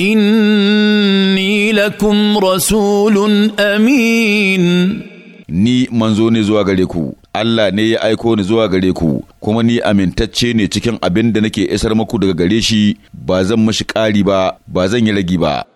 inni lakum rasulun amin ni manzo ne zuwa gare ku Allah ne ya aiko ni zuwa gare ku kuma ni amintacce ne cikin abin da nake isar muku daga gare shi ba zan mashi ƙari ba ba zan yi ragi ba